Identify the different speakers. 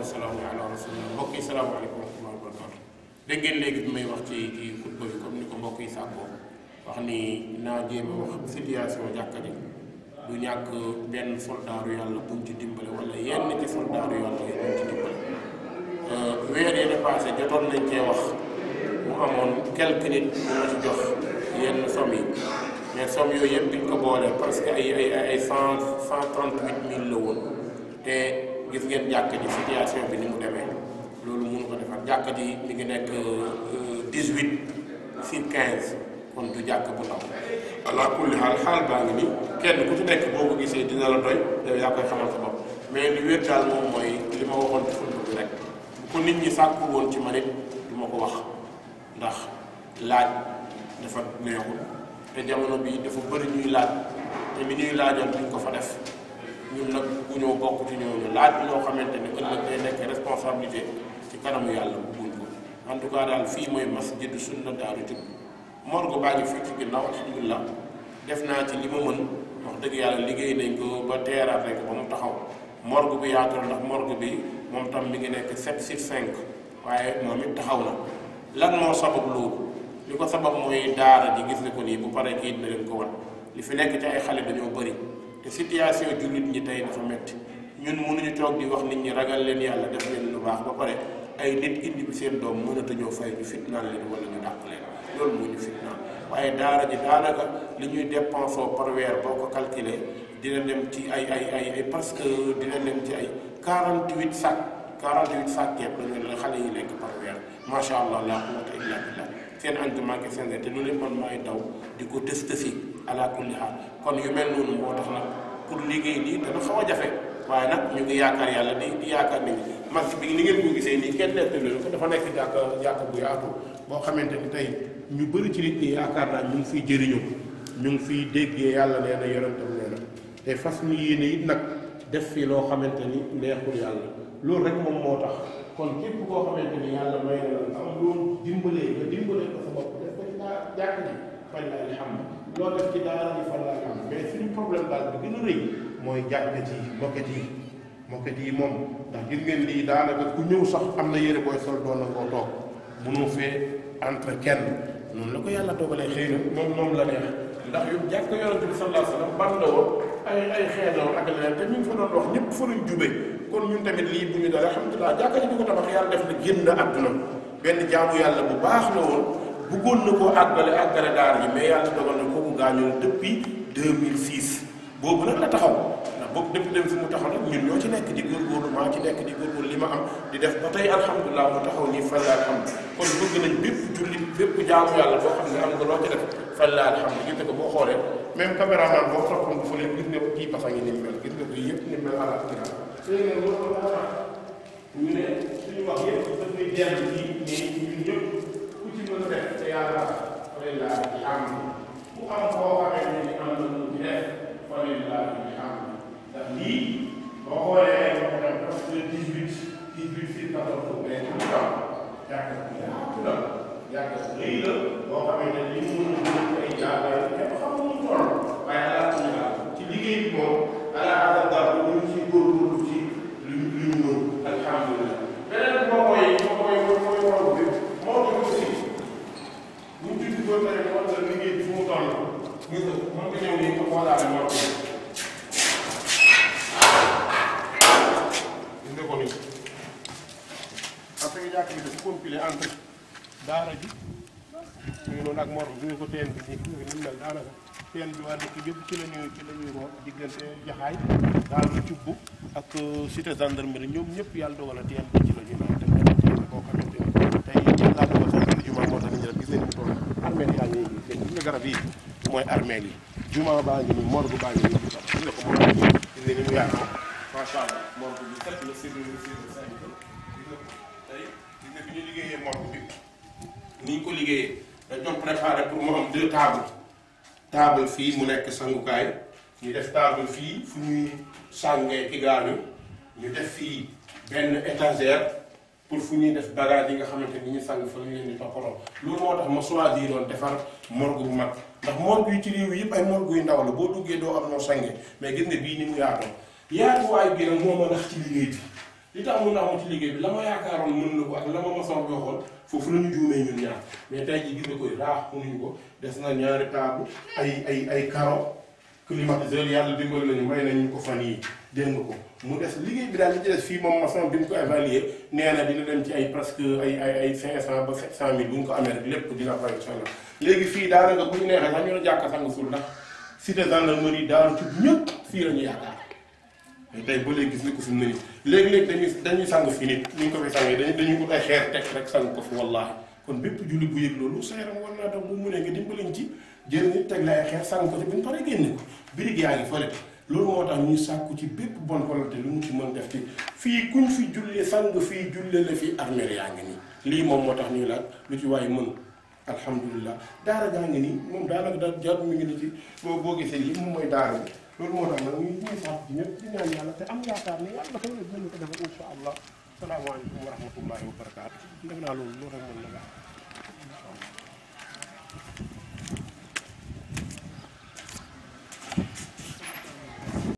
Speaker 1: wa salaamu ala rasulillah mbokk yi salaamaaleykum wa rahmatullahi wa barakatu dégg léegi bi may wax ci ci comme ni ko mbokk yi sàkkoo wax ni naa jéem a wax situation jàkka ji du ñàkk benn soldaaru yàlla buñ ci dimbale wala yenn ci soldaaru yàlla yi buñ ci dimbale euh, weer yi dépassé jotoon nañ cee wax mu amoon quelque nit bu ma ci jox yenn somme yi mais somme yooyu yëpp biñ ko boolee parce que ay ay ay cent cent trente mille la woon te gis ngeen jàkk ji situation bi ni mu demee loolu mënu ko defar jàkk ji mi ngi nekk 18 si 15 kon du jàkk bu ndaw ala kulli xaal xaal baa ngi ni kenn ku ci nekk boo ko gisee dina la doy yow yaa koy xamal sa mais li wér daal moom mooy li ma waxoon ci xutba bi rek bu ko nit ñi sàkku woon ci ma it du ma ko wax ndax laaj dafa neexul te jamono bi dafa bëri ñuy laaj te li ñuy laajoon duñ ko fa def ñun nag bugguñoo bokk ci ñooñu laaj bi ñoo xamante ni ëllëg day nekk responsabilité ci kanamu yàlla bugguñ ko en tout cas daal fii mooy masjidu sunna daaru jub morgue baa ngi fii ci ginnaaw alhamdulilah def naa ci li ma mën wax dëgg yàlla liggéey nañ ko ba teeraat rek ba mu taxaw morgue bi yaatul ndax morgue bi moom tam mi ngi nekk 7 sur 5 waaye moom it taxaw na lan moo sabab loolu li ko sabab mooy daara ji gis ne ko nii bu paree kii dina ko wan li fi nekk ci ay xale dañoo bëri te situation jullit ñi tey dafa métti ñun mënuñu toog di wax nit ñi ragal leen yàlla def leen lu baax ba pare ay nit indi bi seen doom mënatuñoo fay ñu fitnaan leen wala ñu dàq leen loolu moo ñu fitnaan waaye daara ji daanaka li ñuy dépensé par weer boo ko calculé dina dem ci ay ay ay parce que dina dem ci ay 48 sac 48 sac ceeb la nga xale yi lekk par weer macha allah laa quwwata illa billah seen entraînement seen te loolu yëpp man maay daw di ko tës tësi ala kulli haal kon yu mel noonu moo tax nag pour liggéey nii dana xaw a jafe waaye nag ñu ngi yaakaar yàlla di di yaakaar nit ñi bi ni dafa nekk jàkka jàkka bu boo xamante ni tey ñu bëri ci nit ñi yaakaar ñu ngi fiy jëriñu ñu ngi yàlla nee na yonentam nee na te fas ñu def fii loo xamante ni neexul yàlla loolu rek moom moo tax kon képp koo xamante ni yàlla may am loolu dimbalee nga dimbalee ko sa bopp def ko ci daa jàkk ji fañ la alhamdu loo def ci daara ji fan laa am mais suñu problème daal bi gën a rëy mooy jàkka yi moket yi moom ndax gis ngeen lii daanaka ku ñëw sax am na yére booy sol doon na koo toog mënoo fee entre kenn noonu la moom la neex ndax yu jàkk yonente bi sallallahu alayhi wasallam la woon ay ay xeedoon ak leneen te ñu fa doon wax ñëpp fa lañ jube kon ñun tamit lii bu ñu alhamdulilah jàkka ji ko tabax yàlla def na génn àdduna benn jaamu yàlla bu baax la woon bëggoon na koo àggale àggale daara ji mais yàlla dogal na kooku gaañoon depuis 2006 boobu nag la taxaw ndax boobu depuis dem fi mu taxaw nag ñun ñoo ci nekk di góorgóorlu maa ci nekk di góorgóorlu li ma am di def ba tey alhamdulilah mu taxaw ni fan laa xam kon bëgg nañ bépp jullit bépp jaamu yàlla boo xam ne am nga loo ci def fan laa xam gis ko boo xoolee même caméraman boo toppoon bu fële gis nga ko kii pasa ngi ni mel gis nga ko yëpp ni mel àll ne suñu wax lillahi alhamdu bu am koo xamee ne am na lu mu def fa lillahi alhamdu ndax lii boo xoolee gis nga mënut a daara ji ñu noonu ak mor bi ñu ko teen bi nii ñu mel daanaka la ñuy ci la ñuy root diggante jaxaay daal bu cubb ak cité gendarmerie ñoom ñëpp yàlla dogal a teen bi ci la ñuy naan te ñu teen boo xamante ne tey yàlla dogal sax ñu jumaa moo tax ñu def gis nañ mu toll armeel yaa ngi gis garab yi mooy armeel yi juma baa ngi nii baa ngi nii gis nga ko bi ñu liggéeyee morgue ni ko liggéeyee dañ doon préparé pour mu am deux tables table fii mu nekk sangukaay ñu def table fii fu ñuy sàngee ki ñu def fii benn étagère pour fu ñuy def bagage yi nga xamante ni ñu sang fa lañ leen di toppatoo loolu moo tax ma choisir doon defar morgue bu mag ndax morgue yi ci réew yëpp ay morgue yu ndaw la boo duggee doo am noo sangee mais gis nga bii ni mu yaatoo yaatuwaay bi nag moo ma nax ci liggéey bi li tax mu nax ma ci liggéey bi la ma yaakaaroon mën na ko ak la ma mosoon waxoon foofu la juumee ñun ñaar mais tey jii gis nga koy raax mënuñu ko des na ñaari taabu ay ay ay ka climatiseur yàlla dimbali nañu may nañu ko fan yi dégg ko mu des liggéey bi daal li ci des fii moom maçon bi mu ko évaluer nee dina dem ci ay presque ay ay cinq cent ba sept cent mille bu ñu ko amee rek lépp dina pare incha léegi fii daanaka bu ñu neexee sax ñu ne jàkka sang suul gis ni ko fi mu ne léegi-léegi dañuy dañuy sang fi nit ñu ko fay sangee dañuy dañuy ut ay xeer teg ko fi wallaahi kon bépp julli bu yëg loolu sa yaram war naa daw bu mu ne nga dimbaliñ ci jël nit teg la xeer sang ko ci buñ birig yaa ngi fële loolu moo tax ñuy sàkku ci bépp bonne volonté lu ñu ci mën def ci fii kuñ fi jullee sang fii julle la fii armeel yaa ngi nii lii moom moo tax ñuy laaj lu ci waaye mën alhamdulilah daara gaa ngi nii moom daanaka da jar mi ngi ni ci boo moom mooy daara loolu moo tax nag ñu ñuy sàkku ci ñëpp di yàlla te am yaakaar ne yàlla kañ la dinañ ko defal incha allah salaamaaleykum wa wa barakaatu def naa loolu loolu rek mën na baax